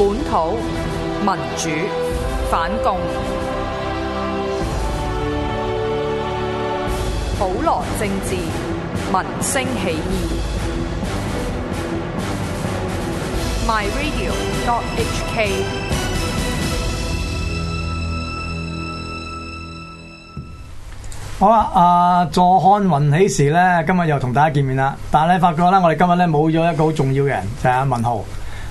本土民主反共，保羅政治，民聲起義。My Radio. H K。 好啦，阿坐看雲起時咧，今日又同大家見面啦。但係你發覺咧，我哋今日咧冇咗一個好重要嘅人，就係、是、阿文浩。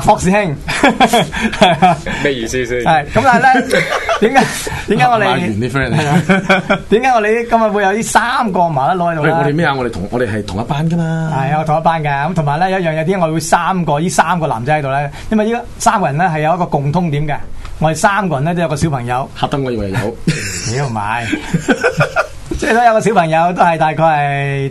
Foxy 兄，咩意思先？係咁，但係咧，點解點解我哋？啱完啲 friend，點解我哋今日會有呢三個麻甩佬喺度咧？我哋咩啊？我哋同我哋係同一班噶嘛？係啊，我同一班噶。咁同埋咧，有一樣嘢，點解我哋會三個？呢三個男仔喺度咧？因為呢三個人咧係有一個共通點嘅，我哋三個人咧都有個小朋友。吓！得我以為有，你要買，即係咧有個小朋友，都係大概係。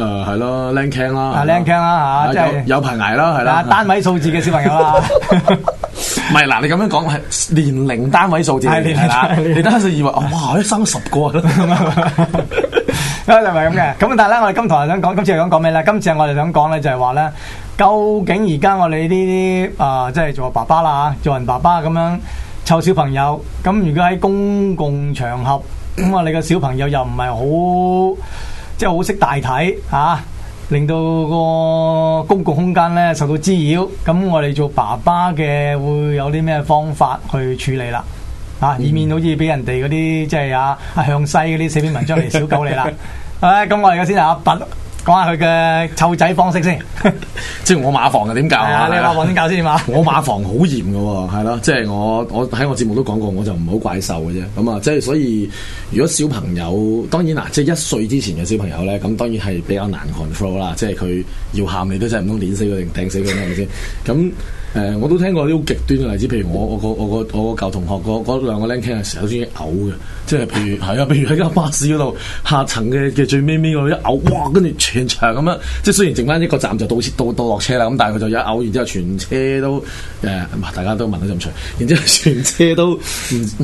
誒，係咯，靚聽啦，係靚聽啦吓，即係有排挨啦，係啦，單位數字嘅小朋友啦，唔係嗱，你咁樣講係年齡單位數字係啦，你當時以為哇，一生十個，啊，你係咪咁嘅。咁但係咧，我哋今堂想講，今次係想講咩咧？今次係我哋想講咧，就係話咧，究竟而家我哋呢啲誒，即係做爸爸啦，做人爸爸咁樣湊小朋友，咁如果喺公共場合咁，我哋嘅小朋友又唔係好。即係好識大體嚇、啊，令到個公共空間咧，受到滋擾，咁我哋做爸爸嘅會有啲咩方法去處理啦？嚇、啊，以免好似俾人哋嗰啲即係啊向西嗰啲寫篇文章嚟小搞你啦。唉、 啊，咁我嚟嘅先阿拔。講下佢嘅湊仔方式先， 即係我馬房嘅點教我 啊？你馬房先教先嘛？馬 我馬房好嚴嘅，係咯，即係我我喺我節目都講過，我就唔好怪獸嘅啫。咁啊，即係所以，如果小朋友，當然嗱，即係一歲之前嘅小朋友咧，咁當然係比較難 control 啦。即係佢要喊你都真係唔通碾死佢定掟死佢啦，係咪先？咁。誒，我都聽過啲好極端嘅例子，譬如我我個我個我個舊同學，個嗰兩個僆聽嘅時候，鍾意嘔嘅，即係譬如係啊，譬如喺架巴士嗰度下層嘅嘅最尾尾嗰一嘔，哇！跟住全場咁樣，即係雖然剩翻一個站就到到到落車啦，咁但係佢就一嘔，然之後全車都誒，大家都聞得咁長，然之後全車都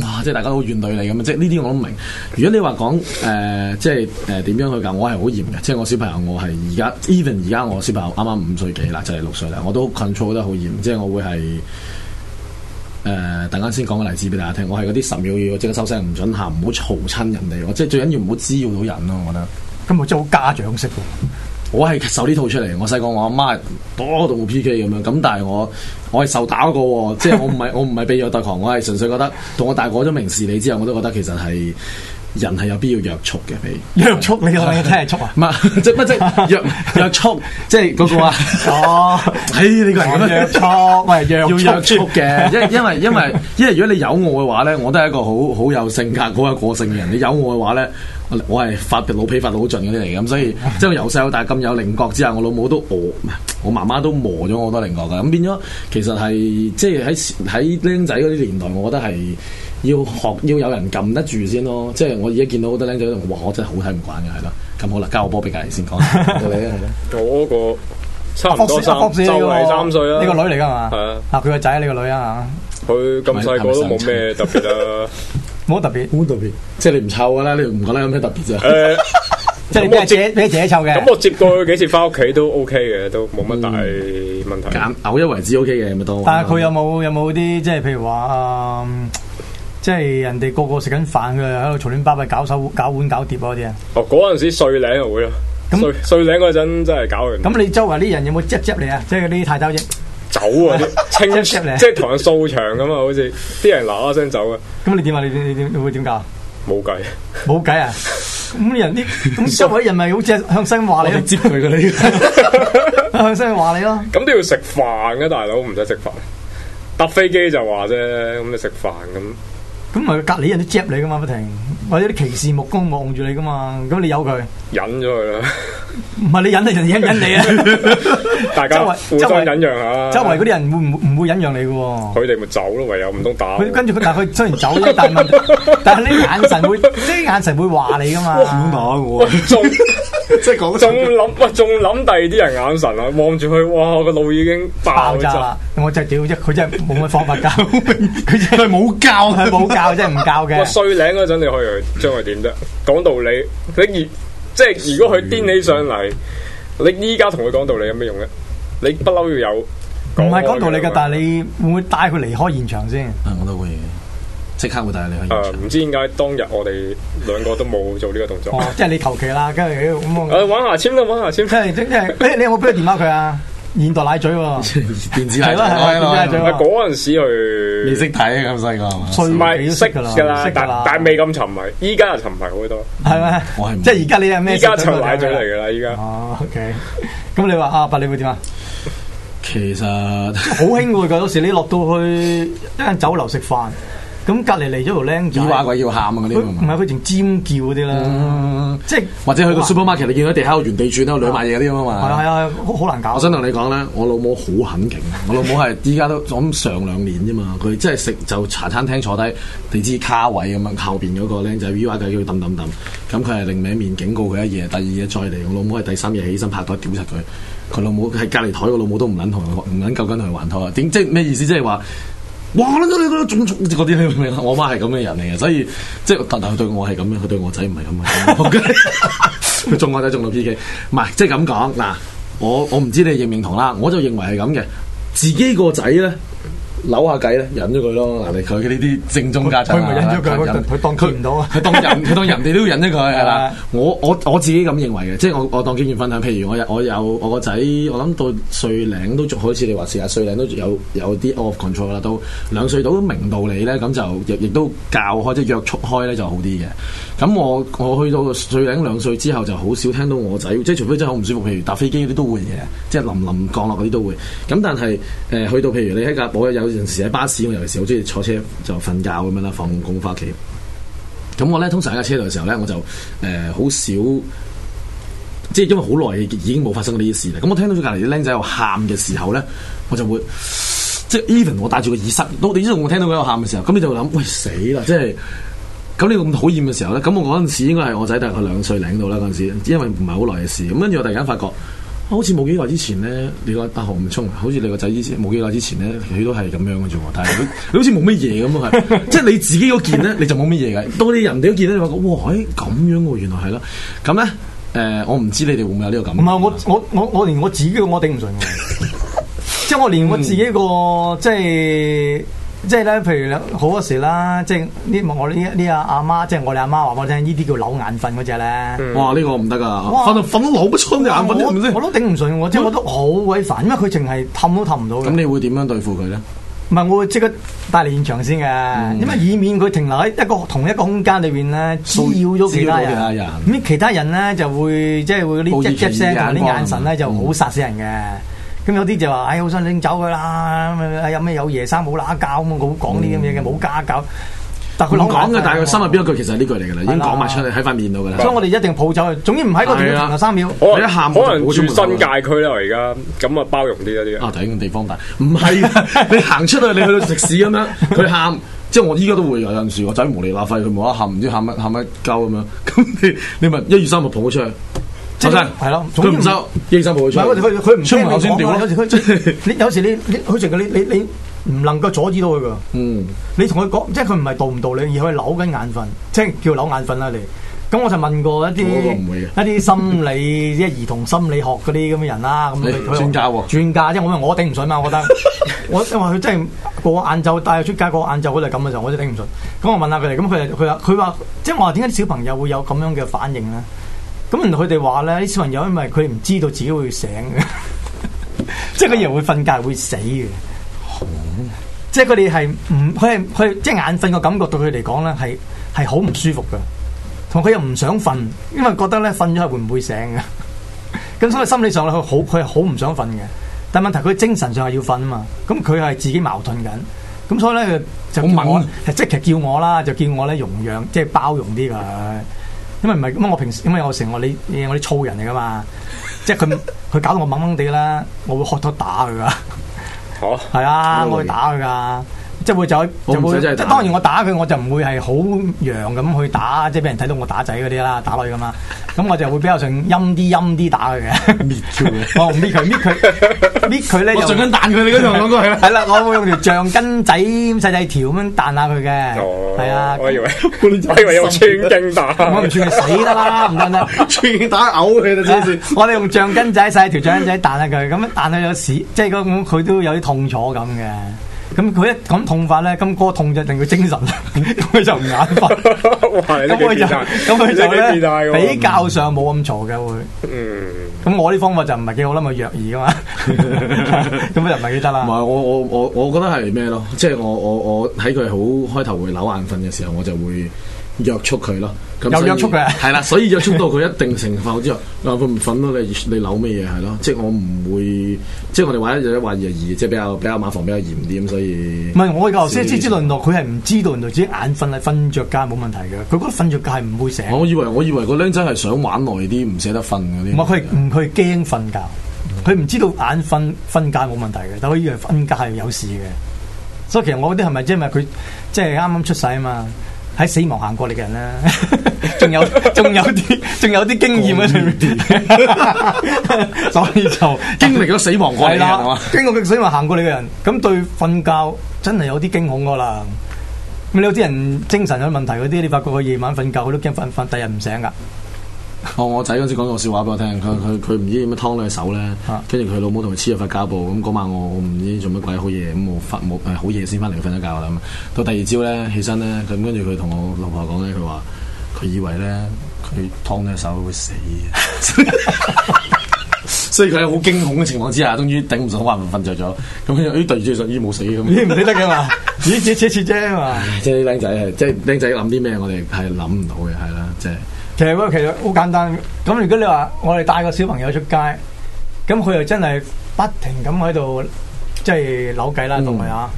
哇，即係大家都怨女嚟咁啊！即係呢啲我都明。如果你話講誒，即係誒點樣去教？我係好嚴嘅，即係我小朋友，我係而家 even 而家我小朋友啱啱五歲幾啦，就係六歲啦，我都 control 得好嚴，即我會係誒、呃，等陣先講個例子俾大家聽。我係嗰啲十秒要即刻收聲，唔准喊，唔好嘈親人哋。我即係最緊要唔好滋擾到人咯、啊。我覺得咁、嗯、我真係好家長式喎。我係受呢套出嚟。我細個我阿媽多到冇 P K 咁樣。咁但係我我係受打嗰個。即係我唔係我唔係被虐待狂。 我係純粹覺得同我大過咗明事理之後，我都覺得其實係。人係有必要約束嘅，你約束你講嘅聽日束啊？唔係即係乜即係約約束，即係嗰個啊？哦 說，係你係咁樣約束，咪約 要約束嘅， 因為因為因為因為如果你有我嘅話咧，我都係一個好好有性格、好有個性嘅人。你有我嘅話咧，我我係發老脾、發老盡嗰啲嚟嘅，咁所以即係由細到大咁有棱角之下，我老母都磨，我媽媽都磨咗我多棱角嘅，咁變咗其實係即係喺喺僆仔嗰啲年代，我覺得係。要學要有人撳得住先咯，即係我而家見到好多僆仔，我話我真係好睇唔慣嘅，係咯。咁好啦，交個波俾隔籬先講。嗰個差唔多三周歲啊，你個女嚟噶嘛？佢個仔，你個女啊，佢咁細個都冇咩特別啦，冇特別，冇特別，即係你唔湊啦，你唔覺得有咩特別啫？誒，即係咩自己自己湊嘅？咁我接過去幾次翻屋企都 OK 嘅，都冇乜大問題，偶一為之 OK 嘅，咪都。但係佢有冇有冇啲即係譬如話即係人哋個個食緊飯，佢又喺度嘈亂巴閉搞手搞碗搞碟嗰啲啊。哦，嗰陣時碎領又會咯，碎碎領嗰陣真係搞人。咁、嗯、你周圍啲人有冇執一執你啊？即係啲太斗啫，走啊，即係同人掃場噶嘛，好似啲人嗱嗱聲走啊。咁、嗯、你點啊？你你你會點搞啊？冇計，冇計啊！咁 人啲咁周圍人咪好似向聲話你， 你咯，接佢噶向聲話你咯。咁都要食飯噶大佬，唔使食飯搭飛機就話啫。咁你食飯咁。咁咪隔離人都接你噶嘛，不停。.或者啲歧視目光望住你噶嘛？咁你由佢，忍咗佢啦。唔係你忍，你就忍忍你啊！大家互相忍讓啊！周圍嗰啲人會唔會唔會忍讓你噶？佢哋咪走咯，唯有唔通打。佢跟住佢，但係佢雖然走咧，但係但係你眼神會，呢眼神會話你噶嘛？唔通打仲即係講，仲諗，喂，仲諗第二啲人眼神啊？望住佢，哇，個腦已經爆炸啦！我真係屌，即佢真係冇乜方法教，佢真係冇教，佢冇教，真係唔教嘅。碎嶺嗰陣，你去。將來點啫？講道理，你而即係如果佢癲起上嚟，你依家同佢講道理有咩用咧？你不嬲要有，唔係講道理噶，嗎但係你會唔會帶佢離開現場先、嗯？我都會，即刻會帶佢離開現場。啊，唔知點解當日我哋兩個都冇做呢個動作。 哦，即係你求其啦，跟住咁啊，玩牙籤啦，玩牙籤。 即係即係，你有冇俾佢電話佢啊？ 現代奶嘴喎，電子奶嘴，係啦係啦，電子奶嘴，嗰陣時去，未識睇咁細個，唔係要識噶啦，識啦，但但未咁沉迷。依家又沉迷好多，係咩？即係而家你係咩？而家沉奶嘴嚟噶啦，依家。哦，OK。咁你話阿伯，你會點啊？其實好興㗎，有時你落到去一間酒樓食飯。咁隔離嚟咗條僆仔，U 話鬼要喊啊！嗰啲唔係佢仲尖叫嗰啲啦，嗯、即係是或者去到 supermarket，難你見到地下原地轉都有兩萬嘢嗰啲啊嘛，係啊係啊，好、啊啊、難搞。我想同你講咧，我老母好狠勁， 我老母係依家都咁上兩年啫嘛，佢即係食就茶餐廳坐低地支卡位咁樣，後邊嗰個僆仔 U 話鬼要揼等等。咁佢係另一面警告佢一夜，第二嘢再嚟，我老母係第三日起身拍台屌實佢，佢老母係隔離台個老母都唔撚同佢，唔撚救緊同佢還拖啊？點即係咩意思？即係話。就是哇！嗰啲嗰啲嗰啲， 我媽係咁嘅人嚟嘅，所以即係但但佢對我係咁樣，佢對我仔唔係咁嘅。佢縱 我仔縱到 PK，唔係即係咁講嗱，我我唔知你認唔認同啦，我就認為係咁嘅，自己個仔咧。扭下計咧，忍咗佢咯。嗱，你佢呢啲正宗家長，佢咪忍咗佢，佢他當佢唔到啊，佢當人，佢 當人哋都忍咗佢。係啦 吧，我我我自己咁認為嘅，即係我我當經驗分享。譬如我有我有我個仔，我諗到歲零都仲好似你話時啊，歲零都有有啲 off control 啦，都兩歲都明道理咧，咁就亦都教或者約束開咧就好啲嘅。咁我我去到歲零兩歲之後，就好少聽到我仔，即係除非真係好唔舒服，譬如搭飛機嗰啲都會嘅，即係臨臨降落嗰啲都會。咁但係誒、呃、去到譬如你喺架冇有？平時喺巴士，我尤其是好中意坐車就瞓覺咁樣啦，放工翻屋企。咁我咧通常喺架車度嘅時候咧，我就誒好、呃、少，即係因為好耐已經冇發生過呢啲事啦。咁我聽到隔籬啲僆仔喺度喊嘅時候咧，我就會即係 even 我戴住個耳塞。咁你知道我聽到佢喺度喊嘅時候，咁你就諗，喂，死啦！即係咁你咁討厭嘅時候咧，咁我嗰陣時應該係我仔大概兩歲零到啦嗰陣時，因為唔係好耐嘅事。咁跟住我突然間發覺。好似冇幾耐之前咧，你個大學唔沖，好似你個仔之前冇幾耐之前咧，佢都係咁樣嘅啫喎。但係你好，好似冇乜嘢咁啊， 即係你自己嗰件咧，你就冇乜嘢嘅。當你人哋嗰件咧，你話哇，咁、欸、樣喎、啊，原來係咯。咁咧，誒、呃，我唔知你哋會唔會有呢個感覺。唔係我，我我我連我自己都我頂唔順， 即係我連我自己個、嗯、即係。即係咧，譬如好多時啦，即係呢，我呢呢阿阿媽，即係我哋阿媽話俾我聽，呢啲叫扭眼瞓嗰隻咧。哇！呢個唔得噶，瞓到瞓到扭不出眼瞓，我都頂唔順，我即係我都好鬼煩，因為佢淨係氹都氹唔到。咁你會點樣對付佢咧？唔係我會即刻帶嚟現場先嘅，因為以免佢停留喺一個同一個空間裏邊咧，滋擾咗其他人。滋擾其他人。咁其他人咧就會即係會啲嘖嘖聲同啲眼神咧就好殺死人嘅。咁有啲就話，哎，好想拎走佢啦，有咩有爺生冇乸教咁我好講呢啲嘢嘅，冇家教。但佢講嘅，但係佢心入邊一句，其實呢句嚟噶啦，已經講埋出去，喺塊面度噶啦。所以我哋一定抱走佢，總之唔喺嗰度停留三秒。你一喊，可能住新界區啦，而家咁啊包容啲一啲。啊，睇咁地方大，唔係你行出去，你去到食肆咁樣，佢喊，即係我依家都會有陣時，個仔無理鬧費，佢冇得喊，唔知喊乜喊乜鳩咁樣。咁你你問一、二、三就抱佢出去。老生係咯，佢唔收，醫生冇佢。唔佢唔出嚟，有時佢，你有時你你，佢淨係你你你唔能夠阻止到佢噶。嗯，你同佢講，即係佢唔係道唔道理，而係扭緊眼瞓，即係叫扭眼瞓啦你。咁我就問過一啲一啲心理即係兒童心理學嗰啲咁嘅人啦。咁專家喎，專家即係我我頂唔順嘛，我覺得。我因為佢真係過晏晝帶佢出街，過晏晝嗰嚟咁嘅時候，我真係頂唔順。咁我問下佢哋，咁佢哋佢話即係我話點解小朋友會有咁樣嘅反應咧？咁唔佢哋話咧，啲小朋友，因為佢唔知道自己會醒嘅， 即係佢又會瞓覺會死嘅， 即係佢哋係唔佢係佢即係眼瞓嘅感覺對佢嚟講咧，係係好唔舒服噶，同佢又唔想瞓，因為覺得咧瞓咗係會唔會醒嘅，咁 所以心理上咧佢好佢係好唔想瞓嘅，但係問題佢精神上係要瞓啊嘛，咁佢係自己矛盾緊，咁所以咧就問我即係叫我啦，就叫我咧容讓即係包容啲噶。因為唔係，咁我平時因為我成日我啲我啲粗人嚟噶嘛，即係佢佢搞到我掹掹哋啦，我會學多打佢噶，好 係、oh, 啊，oh, 我會打佢噶。即係會就會即係當然我打佢我就唔會係好揚咁去打即係俾人睇到我打仔嗰啲啦打落去噶嘛咁我就會比較上陰啲陰啲打佢嘅搣住我唔搣佢搣佢搣佢咧我仲想彈佢你嗰度兩個係啦係啦我會用條橡筋仔細細條咁樣彈下佢嘅係啊我以為本仔 以為有青筋彈我唔串佢死得啦唔得啦串佢打嘔佢我哋用橡筋仔細條,條橡筋仔彈下佢咁彈下有屎 即係佢都有啲痛楚咁嘅。咁佢、嗯、一咁痛法咧，咁個痛就一定佢精神，佢就唔眼瞓。咁佢就咁佢就咧比較上冇咁嘈嘅會。咁、嗯嗯嗯、我啲方法就唔係幾好啦，弱而嘅嘛。咁就唔係幾得啦。唔係我我我我覺得係咩咯？即、就、係、是、我我我喺佢好開頭會扭眼瞓嘅時候，我就會。約束佢咯，又約束嘅。係啦， 所以約束到佢一定程度之後，嗱佢唔瞓咯，你你扭乜嘢係咯？即係我唔會，即係我哋話一話二二，即係比較比較馬房比較嚴啲咁，所以唔係我頭先之之論落，佢係唔知道原來自己眼瞓啊，瞓着覺冇問題嘅，佢覺得瞓着覺係唔會醒我。我以為、嗯、我以為個僆仔係想玩耐啲，唔捨得瞓啲。唔係佢唔佢驚瞓覺，佢唔知道眼瞓瞓覺冇問題嘅，但係以為瞓覺係有事嘅。所以其實我嗰啲係咪即係咪佢即係啱啱出世啊嘛？喺死亡行過嚟嘅人啦，仲 有仲有啲仲 有啲經驗啊， 所以就 經歷咗死亡過嚟啦，經過嘅死亡行過嚟嘅人，咁對瞓覺真係有啲驚恐噶啦。咁你有啲人精神有問題嗰啲，你發覺佢夜晚瞓覺佢都驚瞓瞓，第日唔醒噶。哦，我仔嗰陣時講個笑話俾我聽，佢佢佢唔知點樣劏咗隻手咧，跟住佢老母同佢黐咗塊膠布。咁嗰晚我唔知做乜鬼好夜，咁我發冇好夜先翻嚟瞓得覺啦。到第二朝咧，起身咧，佢跟住佢同我老婆講咧，佢話佢以為咧佢劏咗隻手會死， 所以佢喺好驚恐嘅情況之下，終於頂唔順，話瞓着咗。咁佢住對住，已經冇死咁，唔死得嘅嘛，只只只次啫嘛。即係啲僆仔啊，即係僆仔諗啲咩，我哋係諗唔到嘅，係啦，即係。其實喂，其實好簡單。咁如果你話我哋帶個小朋友出街，咁佢又真係不停咁喺度，即係扭計啦，同埋啊，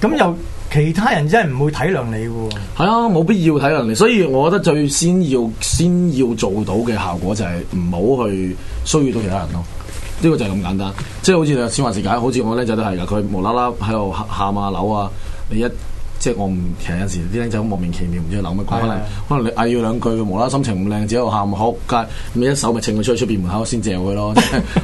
咁又其他人真係唔會體諒你嘅。係啊，冇必要體諒你。所以我覺得最先要先要做到嘅效果就係唔好去騷擾到其他人咯。呢個就係咁簡單。即係好似你先話事解，好似我呢仔都係噶，佢無啦啦喺度喊啊扭啊，你一。即係我唔，其實有時啲僆仔好莫名其妙，唔知佢諗乜鬼，可能可能你嗌要兩句，佢無啦啦心情唔靚，只喺度喊唔好哭，咁你一手咪請佢出去出邊門口先借佢咯。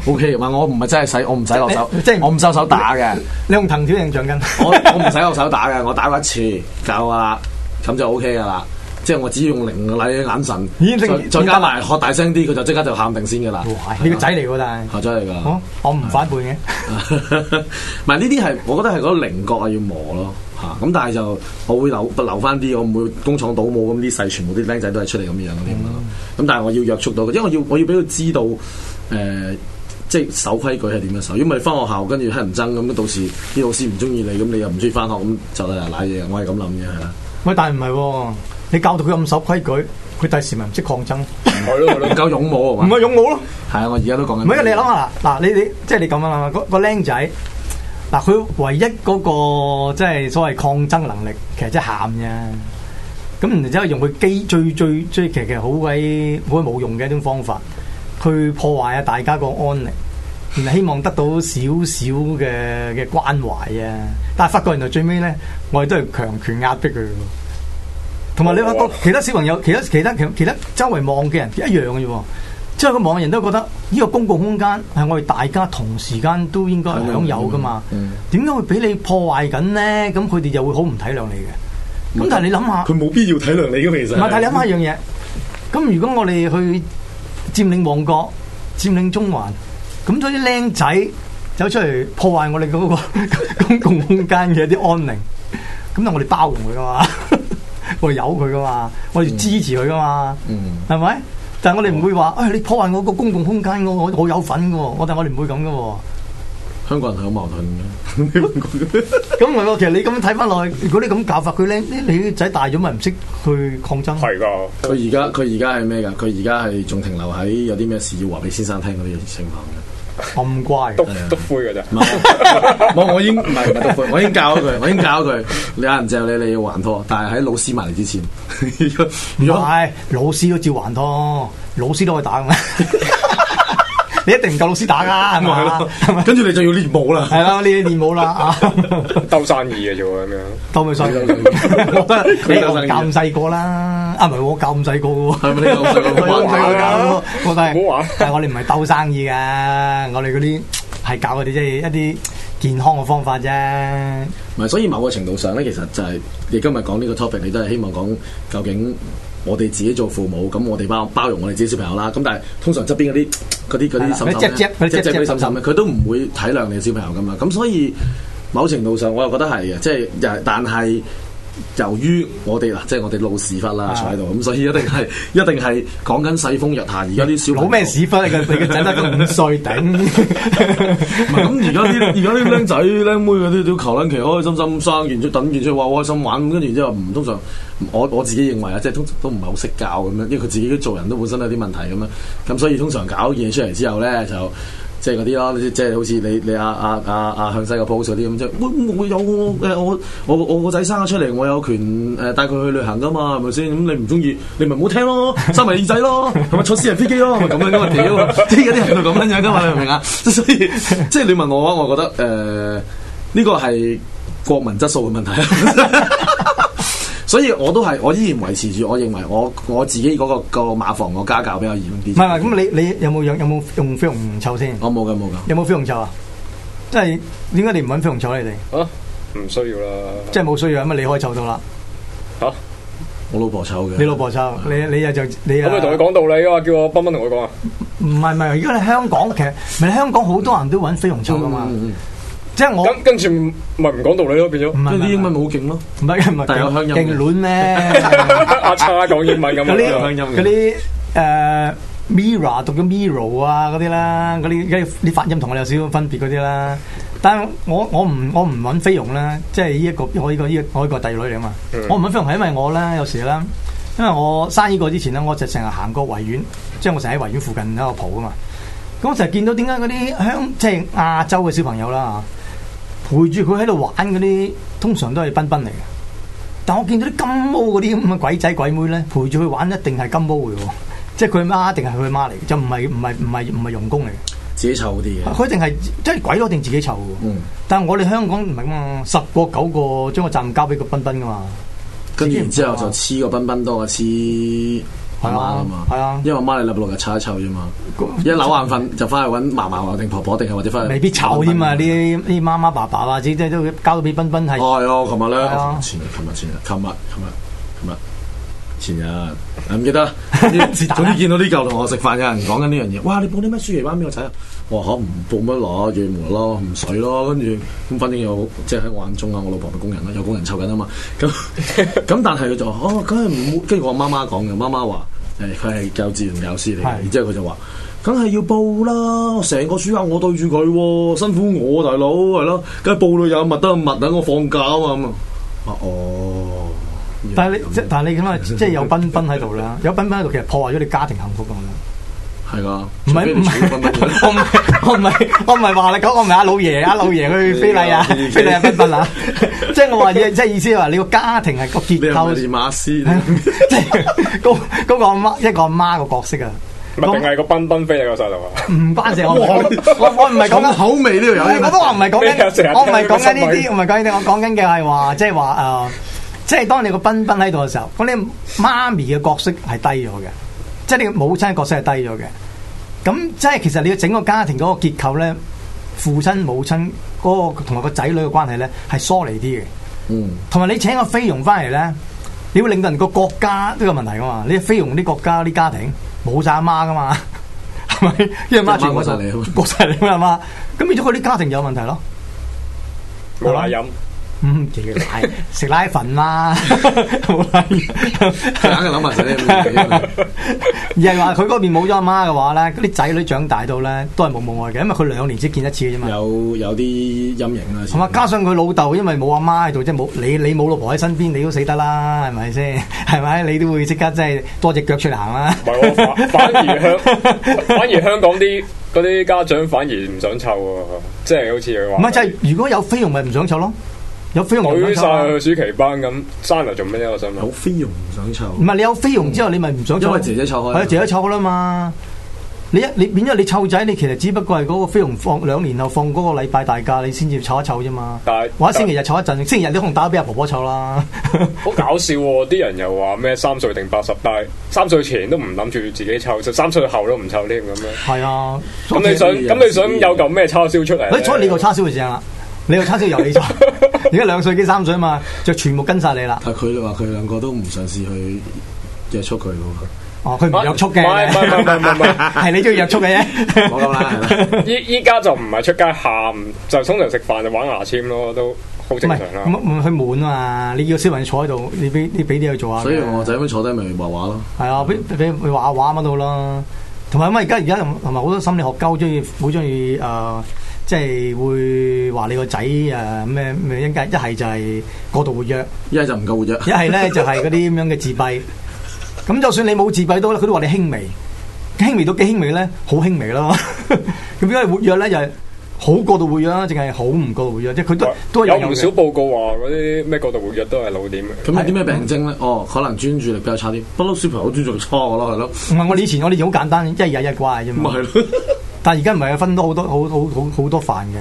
O K，唔係我唔係真係使，我唔使落手，即係 我唔收 手打嘅。 你用藤條定橡筋 我我唔使落手打嘅，我打過一次就啦，咁就 O K 噶啦。即係我只要用靈嘅眼神，咦再加埋何學大聲啲，佢就即刻就喊定先嘅啦。哇啊、你個仔嚟嘅，但係學仔嚟噶，我唔反叛嘅。唔係呢啲係，我覺得係嗰個稜角啊要磨咯吓。咁、啊、但係就我會留留翻啲，我唔會工廠倒冇咁啲細，全部啲僆仔都係出嚟咁樣嗰咁、嗯啊、但係我要約束到佢，因為要我要俾佢知道，誒、呃，即、就、係、是、守規矩係點樣守。如果唔係翻學校，跟住喺人爭咁，到時啲老師唔中意你，咁你又唔中意翻學，咁就嚟嚟瀨嘢。我係咁諗嘅，係喂，但係唔係。你教到佢咁守規矩，佢第時咪唔識抗爭？係咯，唔夠勇武係嘛？唔係勇武咯，係啊！我而家都講緊。唔係啊！你諗下嗱，嗱你你即係你咁樣諗，個個僆仔嗱，佢唯一嗰個即係所謂抗爭嘅能力，其實即係喊啫。咁然之後用佢基最最最其實其實好鬼好鬼冇用嘅一種方法去破壞啊大家個安寧，而希望得到少少嘅嘅關懷啊！但係發覺原來最尾咧，我哋都係強權壓迫佢。同埋你話個其他小朋友、其他其他其他周圍望嘅人一樣嘅啫，即係個望人都覺得呢、這個公共空間係我哋大家同時間都應該享有噶嘛？點解、嗯嗯、會俾你破壞緊呢？咁佢哋就會好唔體諒你嘅。咁沒但係你諗下，佢冇必要體諒你嘅、啊、其實但。但係你諗下一樣嘢，咁、嗯、如果我哋去佔領旺角、佔領中環，咁咗啲靚仔走出嚟破壞我哋嗰、那個 公共空，空間嘅一啲安寧，咁就我哋包容佢噶嘛？ 我去有佢噶嘛，我哋支持佢噶嘛，係咪、嗯？但係我哋唔會話，嗯、哎，你破壞我個公共空間，我我好有份噶，但我但係我哋唔會咁噶、啊。香港人係好矛盾嘅，咁唔係喎。其實你咁樣睇翻落去，如果你咁教法呢，佢咧你仔大咗，咪唔識去抗爭。係噶，佢而家佢而家係咩噶？佢而家係仲停留喺有啲咩事要話俾先生聽嗰啲情況嘅。咁乖，篤篤灰嘅咋？冇，我已唔係唔係督灰，我已經教咗佢，我已經教咗佢。你阿人借你，你要還拖，但係喺老師埋嚟之前，如果係老師都照還拖，老師都可以打嘅咩？你一定唔夠老師打噶，係咪？跟住你就要練武啦，係啦，你要練武啦啊！鬥生意嘅啫，咁樣？鬥生意。你又咁細個啦。啊，唔係我教咁細個嘅喎，我係、就係， 但係我哋唔係鬥生意噶，我哋嗰啲係教我哋即係一啲健康嘅方法啫。唔係，所以某個程度上咧，其實就係你今日講呢個 topic，你都係希望講究竟我哋自己做父母，咁我哋包包容我哋自己小朋友啦。咁但係通常側邊嗰啲嗰啲嗰啲嬸嬸佢都唔會體諒你小朋友噶嘛。咁所以某程度上，我又覺得係嘅，即係但係。但由於我哋啦，即係我哋老屎忽啦，坐喺度，咁所以一定係一定係講緊世風日下，而家啲小冇咩屎忽啊！你嘅仔得咁五歲頂，咁而家啲而家啲僆仔僆妹嗰啲都求緊其開心心生完出等完出話好開心玩，跟住之後唔通常，我我自己認為啊，即係通常都唔係好識教咁樣，因為佢自己都做人都本身有啲問題咁樣，咁所以通常搞嘢出嚟之後咧就。即係嗰啲咯，即係好似你你阿阿阿阿向西嘅鋪嗰啲咁啫。我有我有我我我我個仔生咗出嚟，我有權誒帶佢去旅行噶嘛，係咪先？咁你唔中意，你咪唔好聽咯，收埋耳仔咯，係咪坐私人飛機咯？係咪咁樣噶嘛？屌，啲有啲人就咁樣嘅嘛，你明啊？即係所以，即係你問我話，我覺得誒呢、呃呢個係國民質素嘅問題。哈哈 所以我都係，我依然維持住我認為我我自己嗰個個馬房個家教比較嚴啲。唔係係，咁你你有冇有有冇用菲傭湊先？我冇噶，冇噶。有冇菲傭湊，飛臭啊？即係點解你唔搵菲傭湊你哋？啊，唔需要啦。即係冇需要，咁你可以湊到啦。好，啊，我老婆湊嘅。你老婆湊，的你你又就你又咁咪同佢講道理啊嘛，叫我斌斌同佢講啊。唔係唔係，如果你香港其實，唔係香港好多人都搵菲傭湊噶嘛。嗯嗯嗯即係我跟跟住咪唔講道理咯，變咗唔係啲英文冇勁咯，唔係啊，咪帶個鄉音勁卵咩？阿叉講英文咁，帶個鄉音。嗰啲誒 mirror 讀咗 mirror 啊，嗰啲啦，嗰啲啲發音同我有少少分別嗰啲啦。但係我我唔我唔揾菲傭咧，即係呢一個我呢個呢個我呢個弟女嚟啊嘛。我唔揾菲傭係因為我咧有時咧，因為我生依個之前咧，我就成日行過維園，即係我成日喺維園附近喺度抱啊嘛。咁我成日見到點解啲香即係亞洲嘅小朋友啦陪住佢喺度玩嗰啲，通常都係賓賓嚟嘅。但我見到啲金毛嗰啲咁嘅鬼仔鬼妹咧，陪住佢玩一定係金毛嚟嘅，即係佢媽定係佢媽嚟，就唔係唔係唔係唔係傭工嚟嘅，自己湊啲嘢，佢一定係即係鬼佬定自己湊嘅。嗯、但係我哋香港唔係咁啊，十個九個將個站交俾個賓賓噶嘛。跟住之後就黐個賓賓多過黐。係啊，係啊，因為媽咪禮拜六日湊一湊啫嘛，一扭眼瞓就翻去搵嫲嫲定婆婆定係或者翻去未必湊添嘛，啲啲媽媽爸爸啊，即都交到俾彬彬係。哦，係啊，琴日咧，琴日，琴日，琴日，琴日，琴日，前日，唔記得。總之見到呢舊同我食飯，有人講緊呢樣嘢。哇，你報啲咩書嚟？搵邊個仔啊？我話可唔報乜羅住梅咯，唔使咯，跟住咁，反正我即係我眼中啊，我老婆嘅工人啦，有工人湊緊啊嘛。咁咁，但係佢就哦，梗係唔跟住我媽媽講嘅，媽媽話。誒，佢係教自然教師嚟，然之後佢就話：梗係要報啦，成個暑假我對住佢，啊，辛苦我，啊，大佬係咯，梗係，啊，報到有唔得唔得，等我放假啊嘛咁啊。哦，但係你，樣但你即係，但係你咁即係有斌斌喺度啦，有斌斌喺度，其實破壞咗你家庭幸福嘅。係噶，唔係唔係，我唔我唔係我唔係話你講，我唔係阿老爺阿老爺去非禮啊，非禮啊，斌斌啊，即係我話，即係意思係話你個家庭係個結構。馬斯，即係嗰嗰媽一個媽個角色啊，唔係定係個斌斌飛嚟個細路啊？唔關事，我我唔係講緊口味呢度，有我都話唔係講緊，我唔係講緊呢啲，唔係講，我講緊嘅係話，即係話誒，即係當你個斌斌喺度嘅時候，咁你媽咪嘅角色係低咗嘅，即係你母親嘅角色係低咗嘅。咁即係其實你要整個家庭嗰個結構咧，父親母親個同埋個仔女嘅關係咧係疏離啲嘅。嗯，同埋你請個菲傭翻嚟，咧你會令到人個國家都有問題噶嘛？你菲傭啲國家啲家庭冇晒阿媽噶嘛？係咪？因為阿媽全部過晒嚟，過晒嚟阿媽？咁變咗佢啲家庭有問題咯。冇奶飲。嗯，食奶食奶粉啦，好啦 硬諗埋 而係話佢嗰邊冇咗阿媽嘅話咧，啲仔女長大到咧都係冇母愛嘅，因為佢兩年先見一次嘅啫嘛。有有啲陰影啦。咁啊， 加上佢老豆，因為冇阿媽喺度，即係冇你你冇老婆喺身邊，你都死得啦，係咪先？係咪你都會即刻即係多隻腳出嚟行啦？反而香，反而香港啲啲家長反而唔想湊喎，即係好似佢話唔係就係如果有菲傭咪唔想湊咯。有菲晒去暑期班咁，生嚟做咩咧？我想問。有菲傭唔想湊，唔係你有菲傭之後，嗯、你咪唔想。因為自己湊開，係自己湊啦嘛。你一你變咗你湊仔，你其實只不過係嗰個菲傭放兩年後放嗰個禮拜大假，你先至湊一湊啫嘛。但係，或者星期日湊一陣，但星期日你可能打俾阿婆婆湊啦。好 搞笑喎！啲人又話咩三歲定八十，大，三歲前都唔諗住自己湊，十三歲後都唔湊添咁樣。係啊，咁你想咁你想有嚿咩叉燒出嚟？你坐你個叉燒嘅上啊！你又參照由你做，而家兩歲幾三歲啊嘛，就全部跟晒你啦。但係佢話佢兩個都唔嘗試去約束佢，哦，佢唔約束嘅，唔係你中意約束嘅啫。冇咁啦，依依家就唔係出街喊，就通常食飯就玩牙籤咯，都好正常，唔係佢悶啊嘛，你要小朋友坐喺度，你俾你俾啲佢做下。所以我仔咁坐低咪畫畫咯，係啊，俾俾佢畫下畫乜都好啦。同埋因為而家而家同同埋好多心理學家好中意好中意誒。即係會話你個仔誒咩咩一介一係就係過度活躍，一係就唔夠活躍，一係咧就係嗰啲咁樣嘅自閉。咁就算你冇自閉都啦，佢都話你輕微，輕微到幾輕微咧，好輕微咯。咁點解活躍咧又係好過度活躍啦，淨係好唔過活躍，即係佢都、嗯、都係有唔少報告話嗰啲咩過度活躍都係老點。咁有啲咩病症咧？的嗯、哦，可能專注力比較差啲，不嬲小朋友好專注力差噶咯，係咯。唔係我以前我哋好簡單，一,天一,天一,天一、二、日日怪啫嘛。但係而家唔係分到好，好，好多好好好好多份嘅。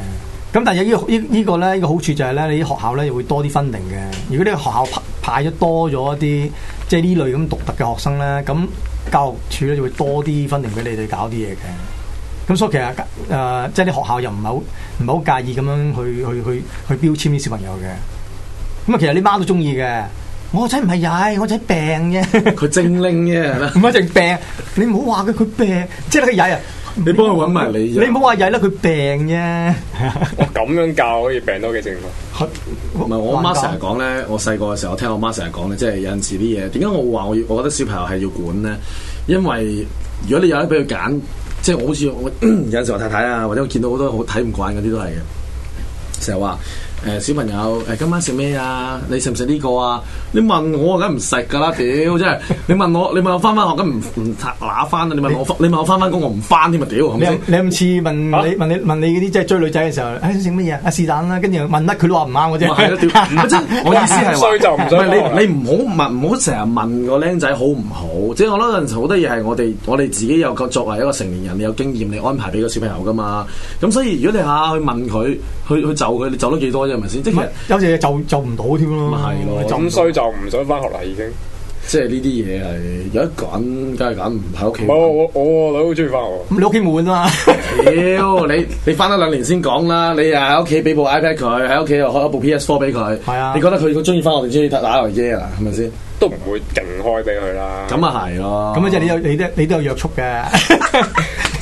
咁但係呢依個依依、這個咧，依、這個好處就係、是、咧，你啲學校咧又會多啲 funding 嘅。如果你個學校派派咗多咗一啲即係呢類咁獨特嘅學生咧，咁教育處咧就會多啲 funding 俾你哋搞啲嘢嘅。咁所以其實誒、呃，即係啲學校又唔係好唔係好介意咁樣去去去去、去標籤啲小朋友嘅。咁啊，其實你媽、媽都中意嘅。我仔唔係曳，我仔病嘅。佢 精靈嘅，唔係淨病，你唔好話佢，佢病即係佢曳啊！你幫佢揾埋你，你唔好話曳啦，佢病啫、啊。 我咁樣教可以病多嘅情況啊？唔係我媽成日講咧，我細個嘅時候，我聽我媽成日講咧，即係有陣時啲嘢。點解我話我，我覺得小朋友係要管咧？因為如果你有得俾佢揀，即係我好似我 有陣我太太啊，或者我見到好多好睇唔慣嗰啲都係嘅，成日話。誒、呃，小朋友，誒，今晚食咩啊？你食唔食呢個啊？你問我，梗唔食噶啦，屌！真、就、係、是、你問我，你問我翻翻學，咁唔唔揦翻啦？你問我，你，你問我翻翻工，我唔翻添啊，屌！係咪先？你你唔似問你問你問你嗰啲即係追女仔嘅時候，哎，食乜嘢啊？阿、啊、 是但啦，跟、啊、住、啊啊、問得佢都話唔啱我啫。我意思係話唔係你你唔好問唔好成日問個僆仔好唔好？即係我諗嗰陣時好多嘢係我哋我哋自己又作作為一個成年人，你有經驗，你安排俾個小朋友噶嘛？咁所以如果你下去問佢。去去就佢，你走得幾多啫？係咪先？即係有啲嘢，就就唔到添咯。係咯，咁衰就唔想翻學啦，已經。即係呢啲嘢係有得揀，梗係揀唔喺屋企。冇我我女好中意翻學。咁你屋企滿啊？屌你你翻咗兩年先講啦！你啊喺屋企俾部 iPad 佢，喺屋企又開一部 PS Four 俾佢。係啊，你覺得佢佢中意翻我哋中意打打遊戲啊？係咪先？都唔會勁開俾佢啦。咁啊係咯。咁即係你有你都你都有約束嘅。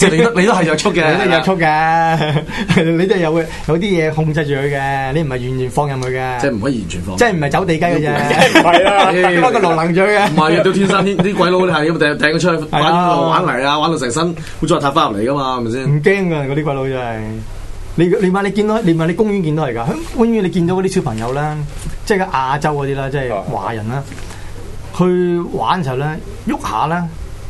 你都 你都係約束嘅， 你都係約束嘅，你都係有有啲嘢控制住佢嘅，你唔係完全放任佢嘅。即係唔可以完全放。即係唔係走地雞嘅，啫， 係咯，一個羅能嘴嘅。唔係，到天山啲鬼佬係，因為掟佢出去玩 玩嚟啊，玩到成身，會再撻翻入嚟噶嘛，係咪先？唔驚噶嗰啲鬼佬真係。你你問你見到，你問你公園見到係噶，喺公園你見到嗰啲小朋友咧，即係亞洲嗰啲啦，即係華人啦，去玩嘅時候咧，喐下咧，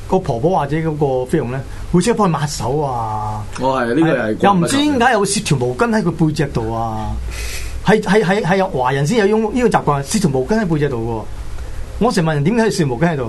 個婆婆或者嗰個菲傭咧。背脊幫佢抹手啊！我係呢個又係，又唔知點解有攝條毛巾喺佢背脊度啊！係係係係有華人先有用呢個習慣，攝條毛巾喺背脊度嘅。我成日問人點解要攝毛巾喺度，誒、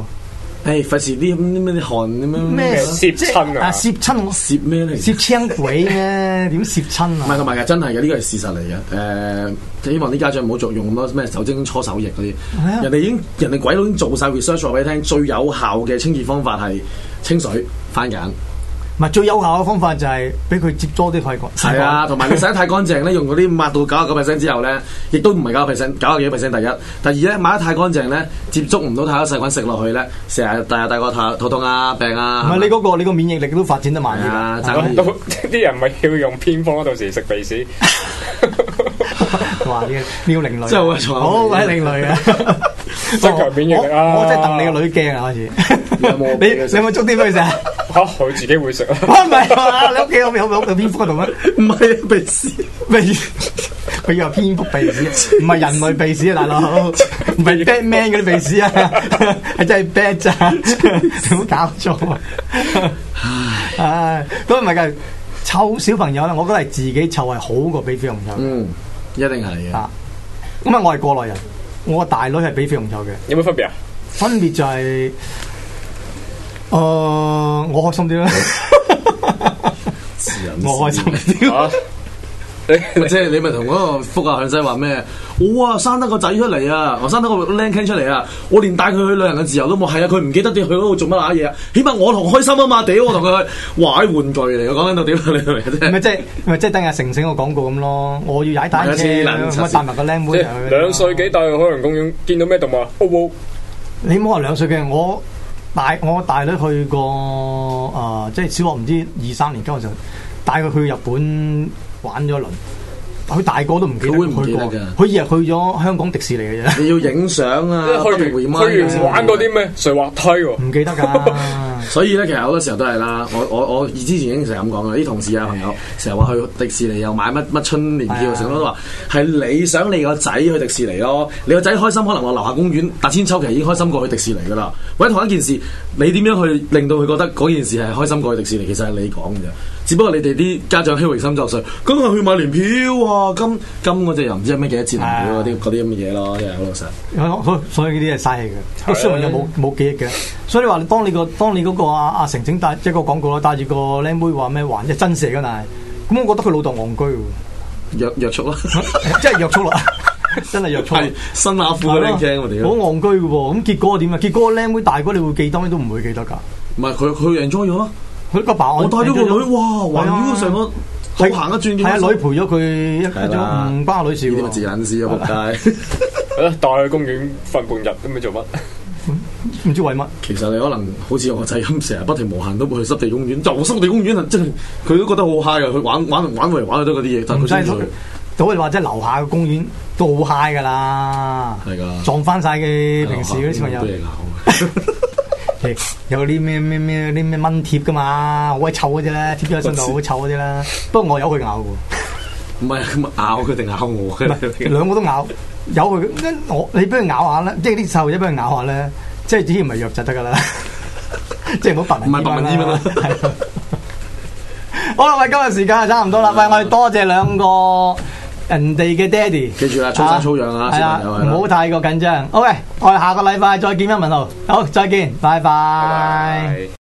欸，費事啲咩啲汗咁樣咩攝親啊！攝親我攝咩嚟？攝青鬼咩？點攝親啊？唔係唔係真係嘅，呢個係事實嚟嘅。誒、呃，希望啲家長唔好作用咁多咩手精搓手液嗰啲啊。人哋已經人哋鬼佬已經做晒 research 話俾你聽，最有效嘅清潔方法係清水番梘。係最有效嘅方法就係俾佢接觸啲細菌。係啊，同埋你洗得太乾淨咧， 用嗰啲抹到九十九 percent 之後咧，亦都唔係九 percent，九十幾 percent 第一，第二咧，洗得太乾淨咧，接觸唔到太多細菌食落去咧，成日大日大個頭，肚痛啊病啊。唔係你嗰、個，吧你個免疫力都發展得慢啲就係都啲人咪要用偏方到時食鼻屎。 哇！呢個妙齡女真係好鬼另類啊！ 真係增強免疫力啊！我真係戥你個女驚啊，開始 你你，你有冇捉啲咩食啊？吓，我自己會食啊，啊！唔係你屋企有有蝙蝠嗰度咩？唔係鼻屎，鼻佢以為蝙蝠鼻屎，唔係人類鼻屎啊，大佬唔係 Batman 嗰啲鼻屎啊，係真係 bad 咋？好搞錯啊！唉，都唔係噶，湊小朋友啦，我覺得係自己湊係好過俾菲傭湊。嗯一定係的啊！咁啊，我係過來人，我大女係俾費用咗嘅。有冇分別啊？分別就係、是，誒、呃，我開心啲啦 、啊，我開心啲。 即係你咪同嗰個福亞向西話咩？我啊生得個仔出嚟啊，我生得個僆 k 出嚟啊，啊，我連帶佢去旅行嘅自由都冇。係啊，佢唔記得點去嗰度做乜嘢啊？起碼我同開心啊嘛，屌我同佢玩玩具嚟，我講緊到點你明唔明？咪即係咪即係等下澄清個廣告咁咯。我要踩單車，帶埋個僆妹是去。兩歲幾帶去海洋公園見到咩動物？哦哦你唔好話兩歲幾，我大我大女去過誒、呃，即係小學唔知二三年級我就候帶佢去日本。玩咗一輪，佢大個都唔記得，會唔會去過。佢日日去咗香港迪士尼嘅啫。你要影相啊，去完玩嗰啲咩？水 滑梯喎、啊？唔記得㗎。所以咧，其實好多時候都係啦。我我我之前已經成日咁講嘅，啲同事啊朋友成日話去迪士尼又買乜乜春年票，成日都話係你想你個仔去迪士尼咯、哦？你個仔開心，可能話樓下公園、打千秋，其實已經開心過去迪士尼㗎啦。或者同一件事，你點樣去令到佢覺得嗰件事係開心過去迪士尼？其實係你講嘅。只不過你哋啲家長虛榮心作祟，咁我去買年票啊，咁咁嗰隻又唔知咩幾多折嗰啲嗰啲咁嘅嘢咯，真係好老實。所以呢啲係嘥氣嘅。個小朋友冇冇記憶嘅，所以你話你當你個當你個。嗰個阿阿成成帶即係個廣告啦，帶住個僆妹話咩還即真射嘅，但係咁我覺得佢老豆戇居，約約束啦，真係約束咯，真係約束。係新亞婦嘅僆妹，我哋好戇居嘅喎。咁結果係點啊？結果個僆妹大哥你會記，當年都唔會記得㗎。唔係佢佢 enjoy 咗？咯，佢個爸我帶咗個女，哇環繞成個好行一轉，係女陪咗佢一咗五巴女事。啲乜字眼事啊仆街，帶去公園瞓半日都唔知做乜。唔、嗯、知為乜，其實你可能好似我個仔咁，成日不停無限都去濕地公園，就濕地公園真係佢都覺得好 high 啊，去玩玩玩嚟玩去都嗰啲嘢，但佢都好。到話即係樓下嘅公園都好 high 噶啦，係噶的撞翻晒嘅平時嗰啲小朋友，的有啲咩咩咩啲咩蚊貼噶嘛，好臭嗰啲啦，貼喺身度好臭嗰啲啦，不過我有佢咬嘅，唔係 咬佢定咬我，唔係兩個都咬。 有佢，我你俾佢咬下啦，即係啲瘦仔俾佢咬下咧，即係自然唔係弱就得噶啦， 即係唔 好白民。唔係白民醫啦，係。好啦，喂，今日時間就差唔多啦，喂、嗯，我哋多謝兩個人哋嘅爹地，記住啊，粗生粗養啊，係啊，唔好、啊、太過緊張。 OK，我哋下個禮拜再見啊，文豪，好，再見，拜拜。